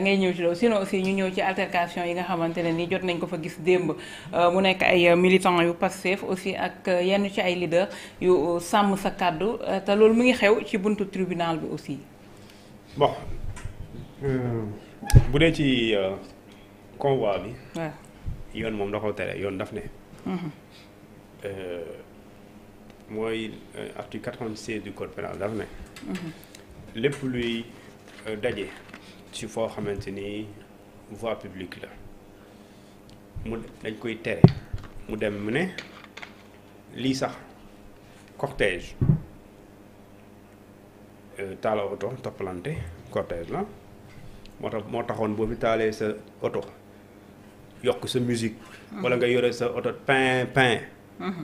ngay ñëw ci loolu sinon aussi ñu ñëw ci altercation yi nga xamante ne nii jot nañ ko fa gis démb euh, mu nekk ay militants yu Pastef aussi ak euh, yenn ci ay leaders yu euh, sàmm sa kàddu te loolu mu ngi xew ci buntu tribunal bi aussi. bon bu dee ci convoi bi. yoon moom da tere yoon daf ne. Mhm. mooy article 96 du code pénal daf ne. Mhm. lépp luy daje. ci foo xamante ni voie publique la mu dañ koy tere mu dem mu ne lii sax cortège euh, taala oto toppalante cortège la moo tax moo taxoon boo fi taalee sa oto yokk sa musique walla nga yore sa oto pin pain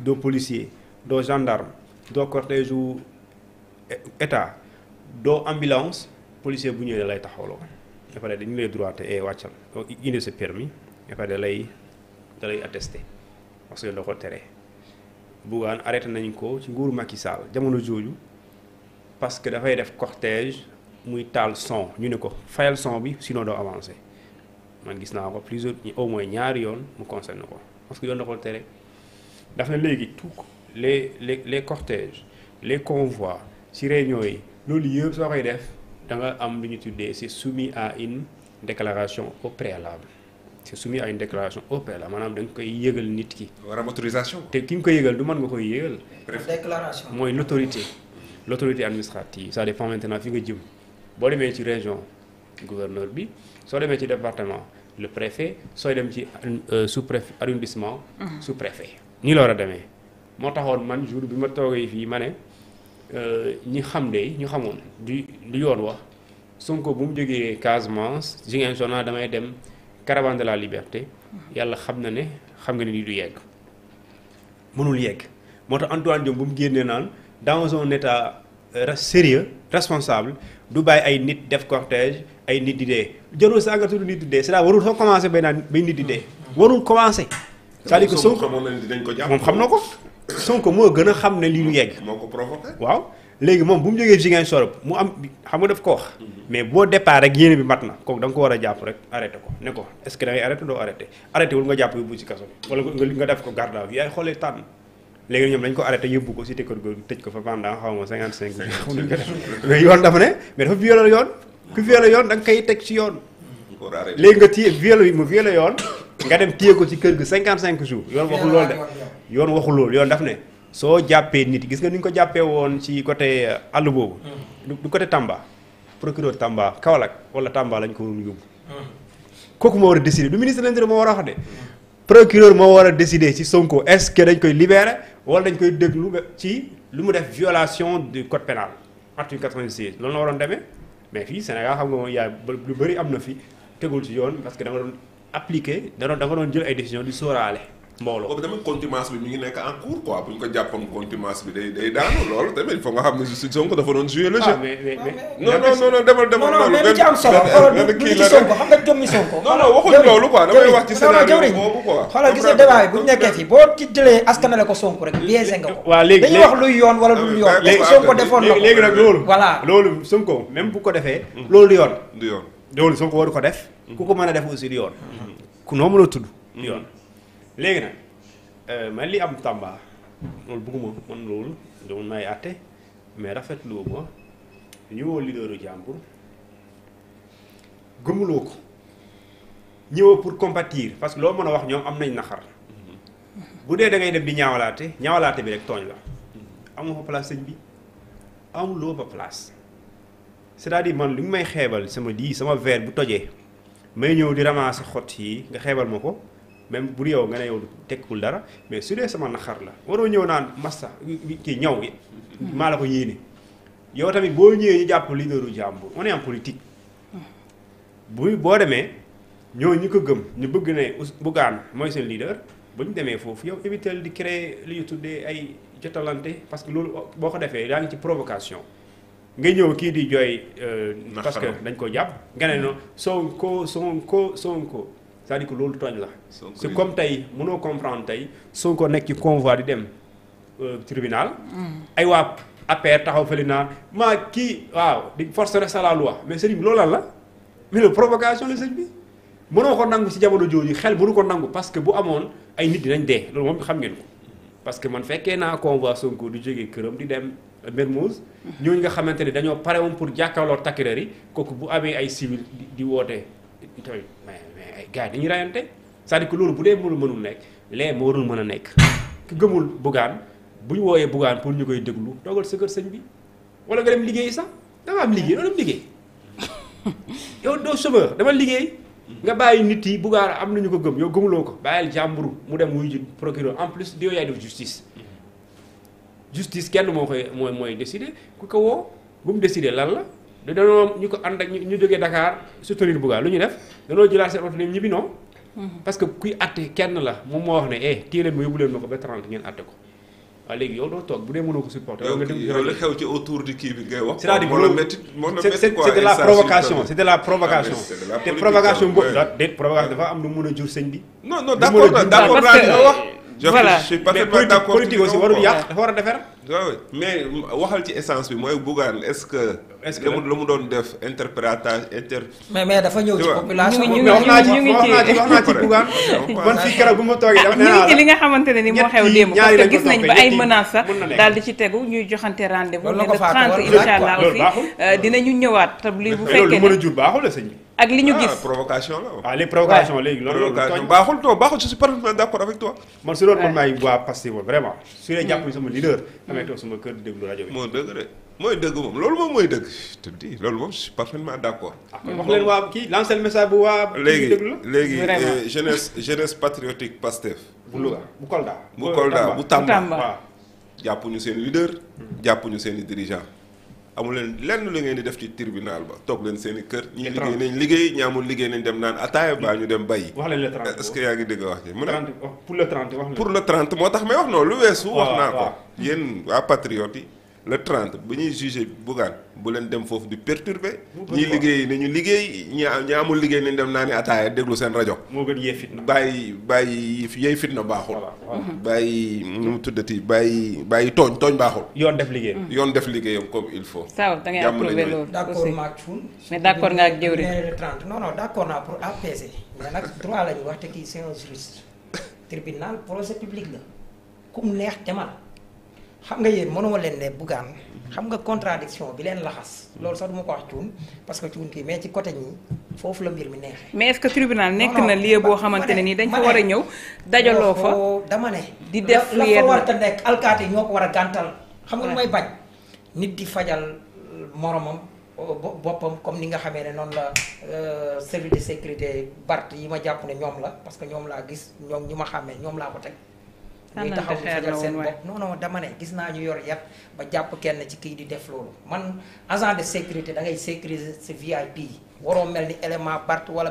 doo policier doo gendarme doo cortège u état doo ambulance policier bu ñëwee lay taxawloo après dañu lay droité e eh, wàccal indi sa permis après da lay da lay parce que da ko tere Bougane arrêté nañ ko ci nguuru Macky Sall jamono jooju parce que dafay def cortège muy taal son ñu ne ko fayal son bi sinon doo avancé man gis naa ko plusieurs au moins ñaari yoon mu concerne ko parce que yoon da ko tere dafa na léegi tout les les les cortèges les convois ci réunions yi loolu yëpp soo koy def da am lu ñu tuddee c'est soumis à une déclaration au préalable c'est soumis à une déclaration au préalable maanaam da nga koy yëgal nit ki. war am te ki nga koy yëgal du man nga koy yëgal. déclaration mooy l'autorité. l'autorité administrative ça dépend maintenant fi nga jëm boo demee ci région gouverneur bi soo demee ci département le préfet sooy dem ci euh, sous préfet arrondissement. Mhm. sous préfet. nii la war a demee moo taxoon man jour bi ma toogee fii ma ne. Euh, ñi xam de ñu xamoon du du yoon wax Sonko bu mu jógee Casamance Ziguinchor naa damay dem caravane de la liberté yàlla xam na ne xam nga ne nii du yegg mënul yegg moo tax Antoine Diome bu mu génnee naan dans un état euh, sérieux responsable du bàyyi ay nit def cortège ay nit di dee jarul saagatu nit di dee c'est-à-dire warul soo commencé bay naan bay nit di dee hmm. warul commencé c'est-à-dire que moom xam na ko Sonko moo gën a xam ne lii lu yegg. moo ko provoqué waaw. léegi moom bu mu jógee Ziguinchor mu am xam nga def ko wax. Mhm. mais boo départ rek yéene bi mat na kook danga ko war a jàpp rek arrêté ko ne ko est ce que da ngay arrêté doo nga jàpp yóbbu ci kaso bi wala nga def ko garde à vue yaay xoolee tànn léegi ñoom dañ ko arrêté yóbbu ko cité kër góor tëj ko fa pendant xaw ma 55 jours ko def mais yoon dafa ne mais dafa violé yoon ku violé yoon da nga teg mu violé yoon nga dem téye ko ci kër gi 55 jours yoon waxul loolu de yoon waxul lool yoon daf ne soo jàppee nit gis nga ni ñu ko jàppee woon ci côté euh, àll boobu hmm. du côté Tamba procureur Tamba Kaolack wala Tamba lañ ko waroon yóbbu hmm. kooku moo war a décider du ministre de l'Intérieur moo war a wax de procureur moo war a décider ci Sonko est-ce dañ koy libérer wala dañ koy déglu ci lu mu def violation du code pénal article 96 loolu la waroon demee mais fii Sénégal xam nga moom yaa bëri am na fi tegul ci yoon parce que da appliqué da doon dafa doon jël ay décision di sóoraale mbooloo. boobu tamit contumace bi mi ngi nekk en cours quoi bu ñu ko jàppoon contumace bi day day loolu tamit il nga xam doon jouer le jeu. Ah, mais mais mais non non non demal demal. non non mais li nga jëmmi Sonko. non non waxuñu loolu quoi damay wax ci scénario boobu rek biaisé ko. waaw léegi yoon wala luy yoon. léegi Sonko defoon na ko léegi nag loolu. loolu Sonko même bu ko defee. Hmm. loolu du yoon. du yoon loolu Sonko waru ko def ku ko mën a def aussi du yoon. ku noo mën a tudd. yoon léegi nag euh, man li am Tamba loolu bugguma man loolu loolu may àtte mais rafetlu wu ma ñëwoo leaderu jàmbur gëmuloo ko ñëwoo pour compatir parce que loo mën a wax ñoom am nañ na xar bu dee da ngay di ñaawalaate ñaawalaate bi rek tooñ la. amuloo fa place sëñ bi amuloo fa place cest à di man li may xeebal sama di sama verre bu tojee. may ñëw di ramasser xott yi nga xeebal ma ko même bu yow nga ne yow tekkul dara mais su dee sama naxar la waroo ñëw naan massa kii ñaw gi maa la ko yéene yow tamit boo ñëwee ñu jàpp leaderu jàmbur on est en politique bu boo demee ñoo ñu ko gëm ñu bëgg ne Bougane mooy seen leader bu ñu demee foofu yow éviter di créer li ñu tuddee ay jotalante parce que loolu boo ko defee daa ngi ci provocation nga ñëw kii di jooy. Euh, parce que dañ ko jàpp. nga ne non Sonko Sonko Sonko c'est-à-dire que loolu tooñ la. c'est comme tey mënoo comprendre tey Sonko nekk ci convoi di dem euh, tribunal. Mm. ay waa APR taxaw fële naa maa kii waaw di force reste à la loi mais sëriñ bi loolu lan la mais la provocation la sëriñ bi. mënoo ko nangu ci jamono jooju xel mënu ko nangu parce que bu amoon ay nit dinañ dee loolu moom xam ngeen ko parce que man fekkee naa convoi Sonko di jógee këram di dem. ñoo ñu nga xamante ne dañoo pare woon pour jàkkaarloo takkireer kooku bu amee ay civil di woote tamit ay gars yi dañuy rayante c'est-à-dire que loolu bu dee mënul mënul nekk lee moo warul mën a nekk ku gëmul bugaan bu ñu wooyee bugaan pour ñu koy déglu dogal sa kër sëñ bi wala nga dem liggéeyi sax dama am liggéey loolu am liggéey yow doo chômeur dama liggéey nga bàyyi nit yi bugaan am nañu ko gëm yow gëmuloo ko bàyyil jàmbur mu dem wuy ji procureur en di yow yaay def justice justice kenn moo koy mooy mooy décider ku ko woo bu mu décider lan la da danoo ñu ko ànd ak ñu jógee Dakar soutenir Bouga lu ñu def danoo jëlaat seen oto mhm. eh bu dee mënoo ko supporter. yow yow di kii bi ngay wax. cest c'est de la provocation ah, c'est de la provocation. te provocation boobu. déet provocation dafa am lu mën a jur sëñ bi. non non d'accord d'accord naa li nga wax. voilà mais politique politique aussi warul yàq dafa waaw ah mais waxal ci essence bi mooy Bougane est-ce que. est-ce que mu doon def interprétage inter. mais mais dafa ñëw ci population. man ma toogee la ah li nga xamante ne ni moo xew démb. parce gis nañ ba ay menaces sax daal di ci tegu ñuy joxante rendez-vous. loolu la ko faa ko loolu euh, ñëwaat. te bu a jur baaxul la li ñu ah, gis provocation la waaw les provocations léegi loolu loolu baaxul too baaxul je suis parfaitement d'accord su doon man maay waa passé vraiment su dee jàpp mm. sama leader damay toog sama kër di déglu rajo bi. moo dëgg de mooy dëgg moom loolu moom mooy dëgg te di loolu moom je suis parfaitement d' accord. Ah, wax leen waa kii lancer le message bu waa. léegi léegi euh, jeunesse jeunesse patriotique Pastef. bu Louga bu Kolda. bu Kolda bu Tamba jàppuñu seen leader. Hmm. jàppuñu seen i dirigeant. amu leen lenn lu ngeen di def ci tribunal ba toog leen seen i kër. ñi liggéey nañ liggéey ñi liggéey nañ dem naan ataaya baa ñu dem bay. wax leen le 30 yaa ngi dégg wax ji mu ne. pour le 30 wax pour le 30 moo tax may wax noonu lu weesu. wax naa ko yéen waa patriote yi. le 30 bu ñuy jugé Bougane bu leen dem foofu di perturber ñi liggéey ñu liggéey ñi ñi amul liggéey nañu dem naa ni ataaya déglu seen rajo moo gën yee fitna bàyyi bàyyi yee fitna baaxul mhm. bàyyi nu mu tuddati bàyyi bàyyi tooñ tooñ baaxul yoon def liggéeyam mhm. yoon def liggéeyam comme il faut saw da ngay approuvé loolu d'accord maak Thioune mais d'accord nga ak jëwri le d'accord naa pour apaiser mais nag droit lañu wax te kii c'est un juriste tribunal public la kum neex demal xam nga yéen mënuma leen ne buggaan xam nga contradiction bi leen laxas loolu sax du ko wax cuun parce que cuun kii mais ci côté ñi foofu la mbir mi neexee. mais est-ce que tribunal nekk na lie boo xamante ne nii dañ fa war a ñëw. dajaloo fa dama ne. di def lu yéen la war a nekk alkaati ñoo ko war a gàntal. xam nga lu may bañ nit di fajal moromam boppam comme ni nga xamee ne noonu la euh, service de sécurité Bart yi ma jàpp ne ñoom la parce que ñoom laa gis ñoom ñi ma xàmmee ñoom laa ko teg. ñuy taxaw di fajal seen bopp non non dama ne gis naa ñu yor yat ba jàpp kenn ci kii di def loolu man agent de sécurité da ngay sécuriser sa VIP yi waroo mel ni élément Barth wala